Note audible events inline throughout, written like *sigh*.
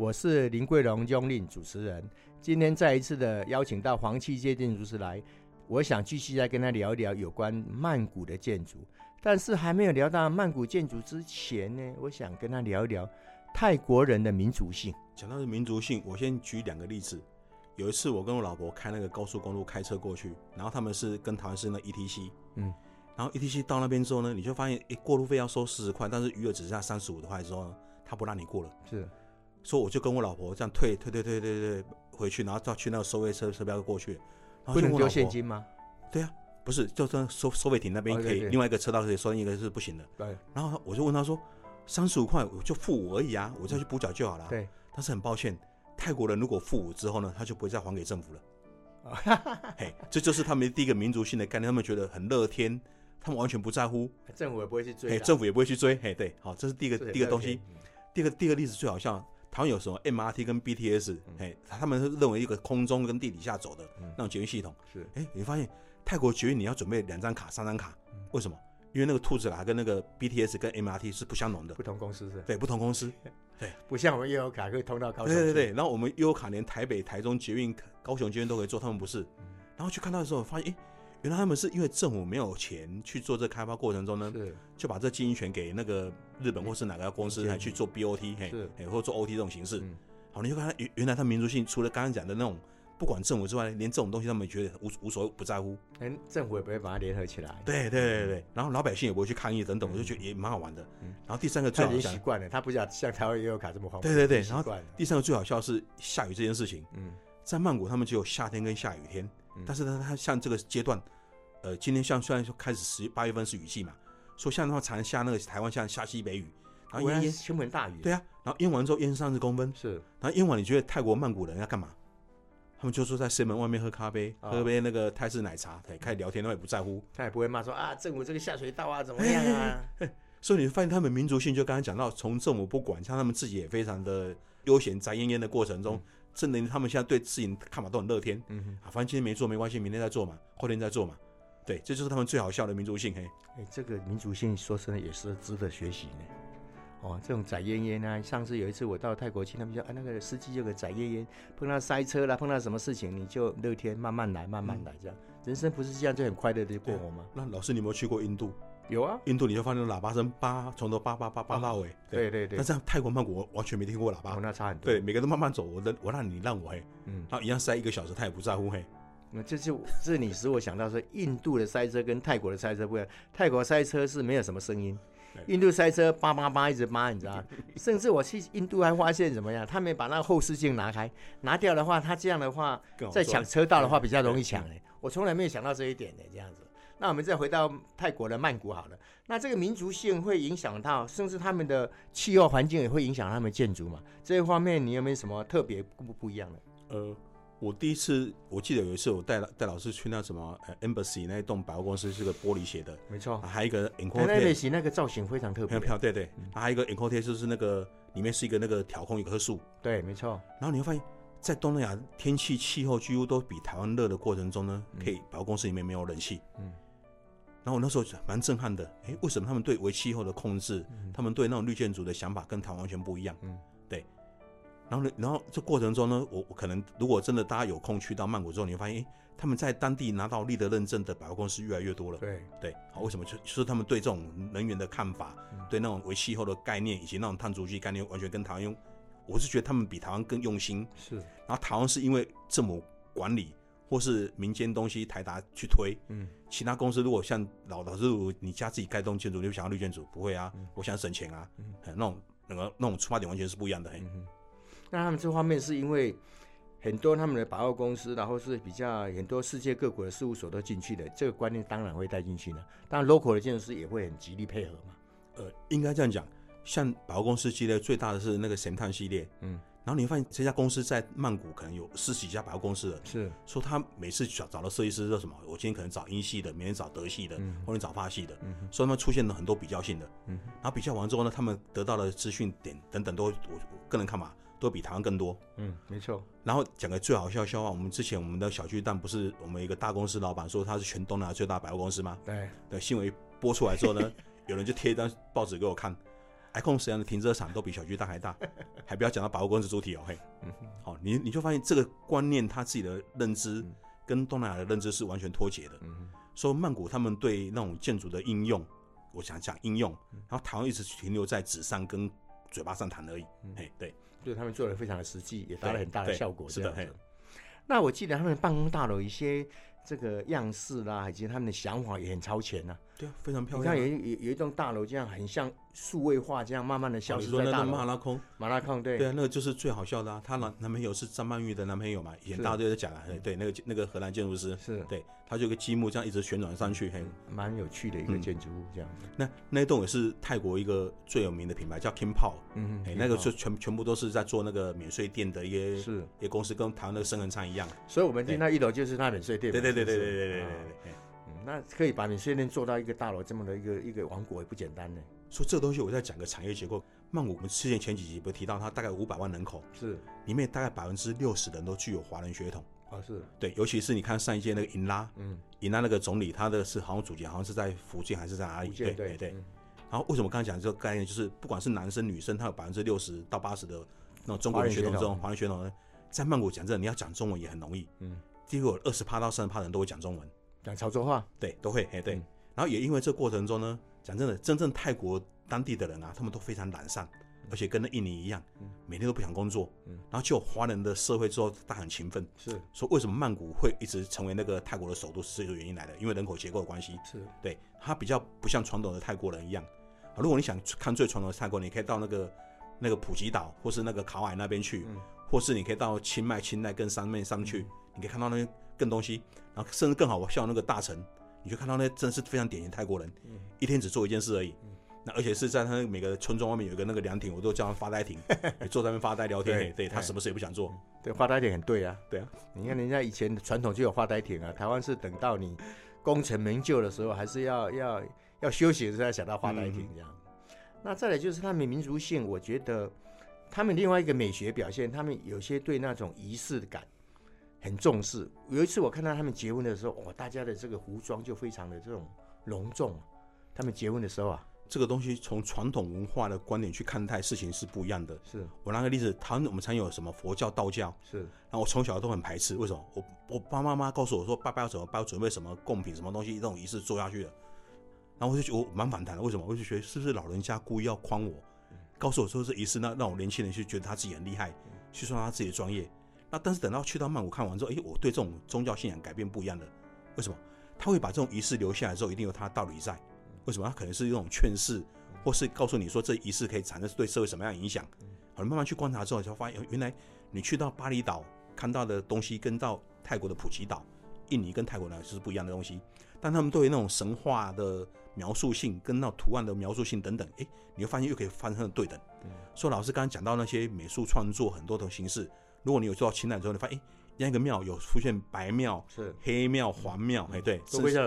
我是林桂榮江令主持人，今天再一次的邀請到黃契介建築師來，我想繼續再跟他聊一聊有關曼谷的建築，但是還沒有聊到曼谷建築之前呢，我想跟他聊一聊泰國人的民族性。講到的民族性，我先舉兩個例子。有一次我跟我老婆開那個高速公路開車過去，然後他們是跟台灣是那 E T C，嗯，然後 E T C 到那邊之後呢，你就發現誒、欸、過路費要收四十塊，但是餘額只剩下三十五塊之後呢，他不讓你過了。是。說，我就跟我老婆這樣退退退退退退回去，然後再去那個收費車車票過去。然後就不就交現金嗎？對啊，不是就在收收費亭那邊可以另外一個車道可以收，另一個是不行的。對，對，對，對。然後我就問他說：“三十五塊我就付我而已啊，我再去補繳就好了、啊。”對。但是很抱歉，泰國人如果付我之後呢，他就不會再還給政府了。哈哈哈嘿，這就是他們第一個民族性的概念，他們覺得很樂天，他們完全不在乎。政府，啊、hey, 政府也不會去追。政府也不會去追。對，好，這是第一個第一個東西，第一個第二個例子最好笑。他們有什麼 MRT 跟 BTS？哎、嗯，他們是認為一個空中跟地底下走的那種捷運系統。嗯、是，哎、欸，你發現泰國捷運你要準備兩張卡，三張卡，嗯、為什麼？因為那個兔子啦，跟那個 BTS 跟 MRT 是不相容的，不同公司是。對，不同公司。對，不像我們悠遊卡，可以通到高雄。對對對，然後我們悠遊卡連台北、台中捷運、高雄捷運都可以坐，他們不是。嗯、然後去看他的時候，發現哎。欸原來他們是因為政府沒有錢去做這開發過程中呢，是就把這經營權給那個日本或是哪個公司來去做 BOT，是或者做 OT 這種形式。嗯、好，你就看原原來他民族性除了剛剛講的那種不管政府之外，連這種東西他們也覺得無無所不在乎，欸。政府也不會把它聯合起來。對對對對，然後老百姓也不會去抗議等等，我、嗯、就覺得也蠻好玩的。然後第三個最好習慣他，他不想像台灣也有卡這麼，對對對，然後第三個最好笑是下雨這件事情。嗯、在曼谷他們只有夏天跟下雨天，但是呢，他像這個階段。呃，今天像雖然說開始十八月份是雨季嘛，說像的話常下那個台灣下下西北雨，然後淹淹傾盆大雨，對呀、啊，然後淹完之後淹三十公分，是，然後淹完你覺得泰國曼谷人要幹嘛？他們就說在西門外面喝咖啡，哦、喝杯那個泰式奶茶，對、哦，開始聊天，他也不在乎，他也不會罵說啊政府這個下水道啊怎麼樣啊，嘿嘿嘿嘿所以你就發現他們民族性就剛才講到，從政府不管，像他們自己也非常的悠閒宅淹淹的過程中，證明、嗯、他們現在對事情看法都很樂天，啊、嗯、哼反正今天沒做沒關係，明天再做嘛，後天再做嘛。對，這就是他們最好笑的民族性，嘿。哎，這個民族性說真的也是值得學習呢。哦，這種宅奄奄呢、啊，上次有一次我到泰國去，他們說，哎、啊，那個司機就有個宅奄奄，碰到塞車了，碰到什麼事情你就樂天，慢慢來，慢慢來，這樣，人生不是這樣就很快樂的過活嗎？那老師，你有沒有去過印度？有啊，印度你就放那種喇叭聲，叭，從頭叭叭叭叭到尾、哦。對對對。對對但是泰國曼谷我完全沒聽過喇叭，哦、那差很多。對，每個人都慢慢走，我讓我讓你讓我嘿，嗯，然後一樣塞一個小時，他也不在乎嘿。那就是你使我想到說，印度的塞車跟泰國的塞車不一樣。泰國塞車是沒有什麼聲音，印度塞車叭叭叭一直叭，你知道嗎？甚至我去印度還發現怎麼樣，他們把那個後視鏡拿開，拿掉的話，他這樣的話在搶車道的話比較容易搶，欸。我從來沒有想到這一點的，欸，這樣子。那我們再回到泰國的曼谷好了。那這個民族性會影響到，甚至他們的氣候環境也會影響他們建築嘛？這一方面你有沒有什麼特別不不，不，不不一樣的？呃。我第一次，我記得有一次我，我帶帶老師去那什麼、啊、Embassy 那一棟百貨公司是個玻璃寫的，沒錯、啊，還有一個 encotation，、啊、那,那個造型非常特別，漂，對對，嗯啊、還有一個 e n c o r e t 就是那個裡面是一個那個挑空一棵樹，對，沒錯。然後你會發現，在東南亞天氣氣候幾乎都比台灣熱的過程中呢，嗯、可以百貨公司裡面沒有冷氣，嗯，然後我那時候蠻震撼的，誒、欸，為什麼他們對微氣候的控制，嗯、他們對那種綠建築的想法跟台灣完全不一樣，嗯。然後，然後這過程中呢，我可能如果真的大家有空去到曼谷之後，你會發現，哎、欸，他們在當地拿到 LEED 認證的百貨公司越來越多了。對對，好，為什麼？嗯、就是他們對這種能源的看法，嗯、對那種微氣候的概念，以及那種碳足跡概念，完全跟台灣用。我是覺得他們比台灣更用心。是。然後台灣是因為政府管理，或是民間東西，台達去推。嗯。其他公司如果像老老師如你家自己蓋棟建築，你就想要綠建築，不會啊，嗯、我想省錢啊，嗯、那種那個那種出發點完全是不一樣的很。嗯那他們這方面是因為很多他們的百貨公司，然後是比較很多世界各國的事務所都進去的，這個觀念當然會帶進去呢。當然，local 的建築師也會很極力配合嘛。呃，應該這樣講，像百貨公司系列最大的是那個神探系列，嗯，然後你會發現這家公司在曼谷可能有四十幾家百貨公司了，是說他每次找找到設計師叫什麼？我今天可能找英系的，明天找德系的，嗯、或者找法系的，嗯、哼所以他們出現了很多比較性的，嗯哼，然後比較完之後呢，他們得到的資訊點等等都我，我個人看法。都比台灣更多，嗯，沒錯。然後講個最好笑笑話，我們之前我們的小巨蛋不是我們一個大公司老板說他是全東南亞最大百貨公司嗎？對，對，新聞播出來之後呢， *laughs* 有人就貼一張報紙給我看 ICONSIAM 的停車場都比小巨蛋還大， *laughs* 還不要講到百貨公司主體哦，嘿，好、嗯哼哦，你你就發現這個觀念他自己的認知、嗯、跟東南亞的認知是完全脫節的，嗯哼。說曼谷他們對那種建築的應用，我想講應用，嗯、然後台灣一直停留在紙上跟嘴巴上談而已，嗯、嘿，對。對，他們做的非常的實際，也達到很大的效果這樣子，是的。是的，那我記得他們辦公大樓一些這個樣式啦，以及他們的想法也很超前呢，啊。對啊，非常漂亮。你看有有一棟大樓這樣，很像數位化這樣，慢慢的消失在大樓。你說那個馬拉空，馬拉空，對對啊，那個就是最好笑的。他男男朋友是張曼玉的男朋友嘛？以前大家都在講的。對，那個那個荷蘭建築師，是，對，他就有個積木這樣一直旋轉上去，很蠻有趣的一個建築物這樣。那那棟也是泰國一個最有名的品牌叫 King Power，嗯，那個是全全部都是在做那個免稅店的一些是一些公司，跟台灣的昇恆昌一樣。所以我們進到一樓就是他免稅店。對對對對對對對對對。那可以把你訓練做到一個大樓這麼的一個一個王國也不簡單呢。所以這個東西我在講個產業結構。曼谷我們之前前幾集不是提到它大概五百萬人口，是裡面大概百分之六十的人都具有華人血統啊、哦，是對，尤其是你看上一屆那個英拉，嗯，英拉那個總理他的是好像祖籍好像是在福建還是在哪裡？對，對對對。嗯、然後為什麼剛才講這個概念，就是不管是男生女生，他有百分之六十到八十的那種中國人血統這種華人血統呢，嗯、統在曼谷講真的你要講中文也很容易，嗯，結果有二十趴到三十趴人都會講中文。講潮州話，對，都會，哎，對。嗯、然後也因為這過程中呢，講真的，真正泰國當地的人啊，他們都非常懶散，嗯、而且跟那印尼一樣，嗯、每天都不想工作。嗯。然後就華人的社會之後，他很勤奮。是。說為什麼曼谷會一直成為那個泰國的首都，是這個原因來的，因為人口結構有關係。是。對，他比較不像傳統的泰國人一樣。如果你想看最傳統的泰國，你可以到那個那個普吉島，或是那個考海那邊去，嗯、或是你可以到清邁、清萊跟山面上去，你可以看到那邊更東西，然後甚至更好像那個大臣，你就看到那真是非常典型的泰國人，一天只做一件事而已。那而且是在他每個村莊外面有一個那個涼亭，我都叫他發呆亭， *laughs* 坐在那邊發呆聊天。對,對他什麼事也不想做，對發呆亭很對啊，對啊。你看人家以前傳統就有發呆亭啊，台灣是等到你功成名就的時候，還是要要要休息的時候，才想到發呆亭這樣。嗯、哼那再來就是他們民族性，我覺得他們另外一個美學表現，他們有些對那種儀式的感。很重視。有一次我看到他們結婚的時候，哇、哦，大家的這個服裝就非常的這種隆重。他們結婚的時候啊，這個東西從傳統文化的觀點去看待事情是不一樣的。是我那個例子，他我們常有什麼佛教、道教？是。然後我從小都很排斥，為什麼？我我爸爸媽媽告訴我說，爸爸要怎麼拜，爸爸要準備什麼貢品，什麼東西，這種儀式做下去的。然後我就覺得我蠻反彈的，為什麼？我就覺得是不是老人家故意要誆我，告訴我說這儀式那讓我年輕人去覺得他自己很厲害，嗯、去說他自己的專業。那但是等到去到曼谷看完之後，誒、欸，我對這種宗教信仰改變不一樣的，為什麼？他會把這種儀式留下來之後，一定有他的道理在。為什麼？他可能是用勸世或是告訴你說這儀式可以產生對社會什麼樣的影響。好，慢慢去觀察之後，才發現原來你去到巴厘島看到的東西，跟到泰國的普吉島、印尼跟泰國呢，就是不一樣的東西。但他們對於那種神話的描述性，跟到圖案的描述性等等，誒、欸，你會發現又可以發生的對等。所以對老師剛才講到那些美術創作很多種形式。如果你有做到情感之後，你發現，哎、欸，一,一個廟有出現白廟、是黑廟、黃廟，哎、嗯欸，對，這對，然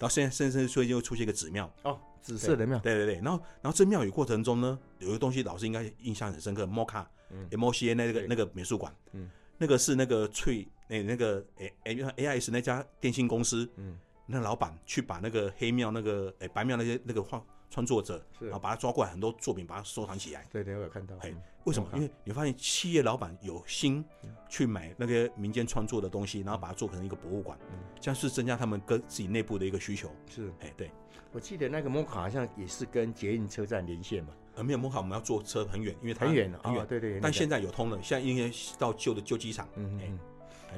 後現在甚至所以就會出現一個紫廟，哦，紫色的廟，對對對，然後然後這廟宇過程中呢，有一個東西，老師應該印象很深刻，摩卡、嗯、，c a 嗯，M O C A 那個對那個美術館，嗯，那個是那個翠那那個哎哎，就像 A, a I S 那家電信公司，嗯。那老闆去把那個黑廟、那個哎白廟那些那個畫創作者，然後把他抓過來，很多作品把它收藏起來。對，對，我有看到。哎，為什麼？因為你發現企業老闆有心去買那個民間創作的東西，然後把它做成一個博物館，這樣是增加他們跟自己內部的一個需求。是，哎，對，我記得那個摩卡好像也是跟捷運車站連線嘛。啊，沒有摩卡，我們要坐車很遠，因為太遠了，很遠。對對。但現在有通了，現在應該到舊的舊機場。嗯嗯。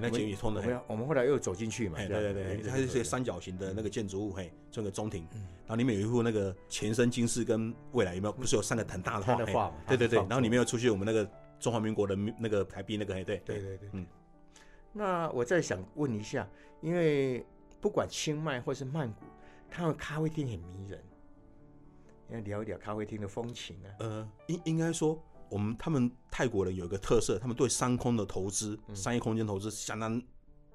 那井也通的，我們後來又走進去嘛，對對對，它是一些三角形的那個建築物，嘿，做個中庭，然後裡面有一幅那個前生今世跟未來有沒有？不是有三個很大的畫嗎？對對對，然後裡面又出現我們那個中華民國的那個台幣那個，嘿，對對對對，嗯。那我再想問一下，因為不管清邁或是曼谷，他們咖啡廳很迷人，要聊一聊咖啡廳的風情啊。呃，應應該說。我們他們泰國人有一個特色，他們對商空的投資、嗯、商業空間投資相當、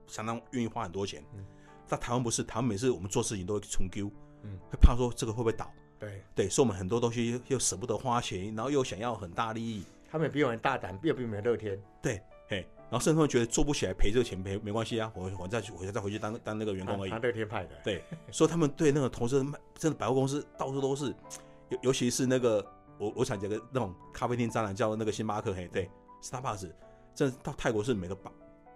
相當願意花很多錢。嗯、但台灣不是，台灣每次我們做事情都會重 Q，嗯，會怕說這個會不會倒？對對，所以我們很多東西又捨不得花錢，然後又想要很大利益。他們比我們大膽，又比我們樂天。對，嘿，然後甚至會覺得做不起來賠這個錢沒沒關係啊，我我再去，我再回去當當那個員工而已。樂天派的，對，對，所以他們對那個投資，人，真的百貨公司到處都是，尤尤其是那個。我我想講個那種咖啡廳展覽叫那個星巴克，嘿，對，Starbucks，這到泰國是每個八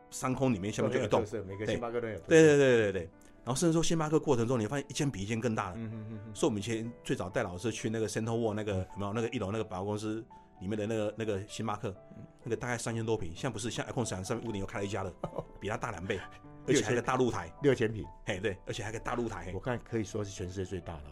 商空裡面下面就一棟，每個星巴克都有。對對對對對。然後甚至說星巴克過程中，你會發現一間比一間更大了。嗯嗯嗯。所以我們以前最早帶老師去那個 Central World 那個，有沒有那個一樓那個百貨公司裡面的那個那個星巴克，那個大概三千多坪，現在不是像 ICONSIAM 上面屋頂又開了一家了，比它大兩倍，而且還有個大露台，六千坪。嘿，對，而且還有個大露台。我看可以說是全世界最大的。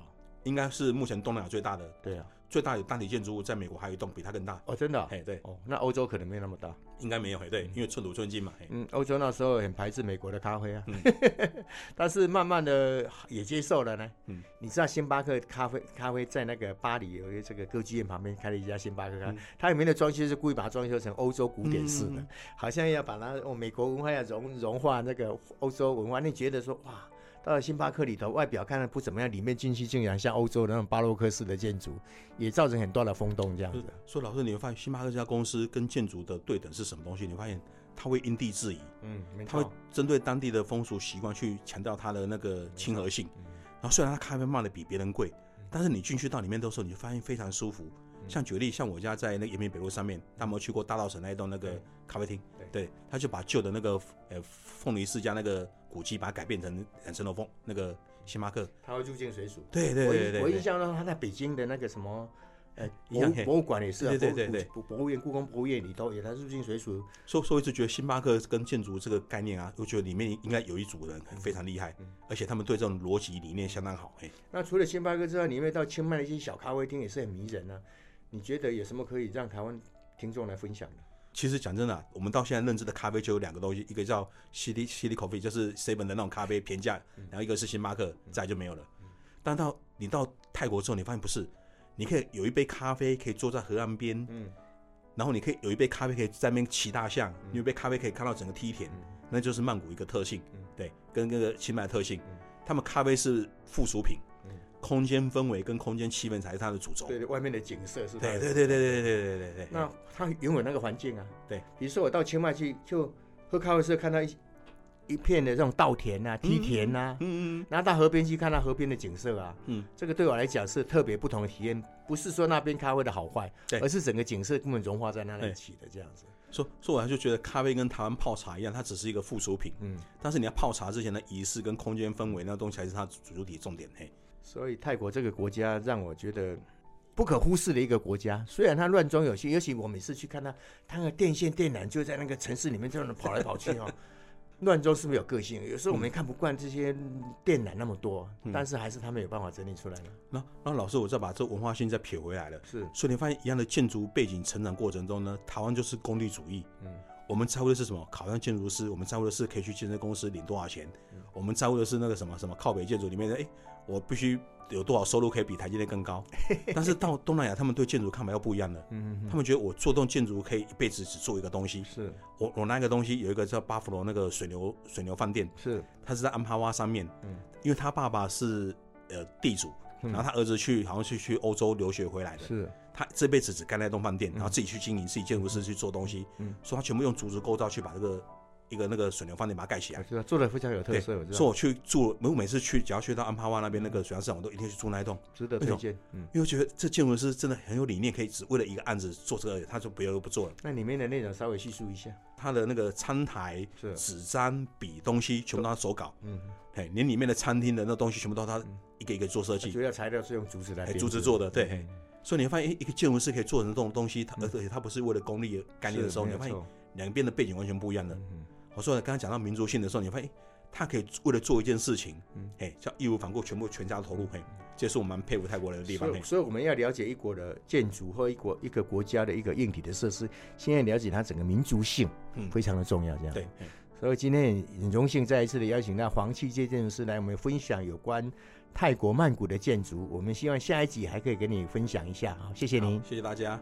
應該是目前東南亞最大的，對啊，最大的單體建築物，在美國還有一棟比它更大哦，真的、哦？嘿，對，哦，那歐洲可能沒那麼大，應該沒有，嘿，對，因為寸土寸金嘛，嗯，歐洲那時候很排斥美國的咖啡啊，嗯、 *laughs* 但是慢慢的也接受了呢，嗯，你知道星巴克咖啡，咖啡在那個巴黎有一個這個歌劇院旁邊開了一家星巴克，嗯、它裡面的裝修是故意把它裝修成歐洲古典式的，嗯、好像要把它哦美國文化要融融化那個歐洲文化，那你覺得說哇？呃，星巴克裡頭外表看着不怎麼樣，裡面進去竟然像歐洲的那種巴洛克式的建築，也造成很大的風洞這樣子。所以老師，你會發現星巴克這家公司跟建築的對等是什麼東西？你會發現它會因地制宜，嗯，沒錯，它會針對當地的風俗習慣去強調它的那個親和性。嗯、然後雖然它咖啡賣的比別人貴，嗯、但是你進去到裡面的時候，你就會發現非常舒服。嗯、像舉例，像我家在那個延平北路上面，他們去過大稻埕那一棟那個咖啡廳，對，對，他就把舊的那個呃鳳梨世家那個。古蹟把它改變成，神農峰，那個星巴克。他會入境隨俗。對對，對，對，對對。對我印象當中他在北京的那個什麼，呃、欸，你看，博物館、欸、也是啊，對，對對對。博物院故宮博物院裡頭也入境，也他入境隨俗。所所一直覺得星巴克跟建築這個概念啊，我覺得裡面應該有一組人，非常厲害。嗯、而且他們對這種邏輯理念相當好。欸、那除了星巴克之外，裡面到清邁的一些小咖啡廳也是很迷人呢、啊。你覺得有什麼可以讓台灣聽眾來分享的？其實講真的、啊，我們到現在認知的咖啡就有兩個東西，一個叫 CD Coffee 就是 C 本的那種咖啡平價，然後一個是星巴克，再就沒有了。但到你到泰國之後，你發現不是，你可以有一杯咖啡可以坐在河岸邊，嗯，然後你可以有一杯咖啡可以在那邊騎大象，嗯、你有一杯咖啡可以看到整個梯田，嗯、那就是曼谷一個特性，嗯、對，跟那個清邁特性，他們咖啡是附屬品。空間氛圍跟空間氣氛才是它的主軸。對，外面的景色是對。對對對對對對對對對。對對對對，那它擁有那個環境啊，對。比如說我到清邁去，就喝咖啡的時候看到一一片的這種稻田吶、啊、梯田吶、啊嗯。嗯嗯。然後到河邊去看到河邊的景色啊。嗯。這個對我來講是特別不同的體驗，不是說那邊咖啡的好壞，對而是整個景色根本融化在那裡一起的這樣子。說說我還就覺得咖啡跟台灣泡茶一樣，它只是一個附屬品。嗯。但是你要泡茶之前的儀式跟空間氛圍，那個、東西還是它主體重點嘿。所以泰國這個國家讓我覺得不可忽視的一個國家，雖然它亂中有序，尤其我每次去看它，它那個電線電纜就在那個城市裡面這樣跑來跑去哈， *laughs* 亂中是不是有個性？有時候我們也看不慣這些電纜那麼多，嗯、但是還是他們有辦法整理出來了、嗯。那那老師，我再把這文化性再撇回來了。是，所以你發現一樣的建築背景成長過程中呢，台灣就是功利主義。嗯，我們在乎的是什麼？考上建築師，我們在乎的是可以去建設公司領多少錢。嗯、我們在乎的是那個什麼什麼靠北建築裡面的哎。誒我必須有多少收入可以比台積電更高？但是到東南亞，他們對建築看法又不一樣了。 *laughs* 他們覺得我做棟建築可以一輩子只做一個東西。是，我我那個東西有一個叫巴弗羅那個水牛水牛飯店，是，他是在安帕瓦上面。嗯、因為他爸爸是呃地主，嗯、然後他兒子去好像是去去歐洲留學回來的。是，他這輩子只幹那棟飯店，然後自己去經營，嗯、自己建築師去做東西。嗯、所以他全部用竹子構造去把這、那個。一個那個水牛飯店把它蓋起來，做的非常有特色。所以我去住，我每次去，只要去到安帕瓦那邊那個水上市場，我都一定去住那一棟，值得推薦。嗯，因為我覺得這建築師真的很有理念，可以只為了一個案子做這個，他就不要不做了。那裡面的內容稍微敘述一下，他的那個餐檯、紙張、筆東西全部都他手稿。嗯，嘿，連裡面的餐廳的那東西全部都他一個一個做設計。主要材料是用竹子來，竹子做的，對。所以你會發現，一個建築師可以做成這種東西，他而且他不是為了功利、干利的時候，你會發現兩邊的背景完全不一樣的。我說，剛才講到民族性的時候，你發現他可以為了做一件事情，嗯，哎，叫義無反顧，全部全家的投入，嘿，這是我們蠻佩服泰國人的地方。所以，合所以我們要了解一國的建築或一國、嗯、一個國家的一個硬體的設施，先要了解它整個民族性，嗯，非常的重要。這樣、嗯、對，所以今天很榮幸再一次的邀請到黃契介建築師來，我們分享有關泰國曼谷的建築。我們希望下一集還可以跟你分享一下，好，謝謝您，謝謝大家。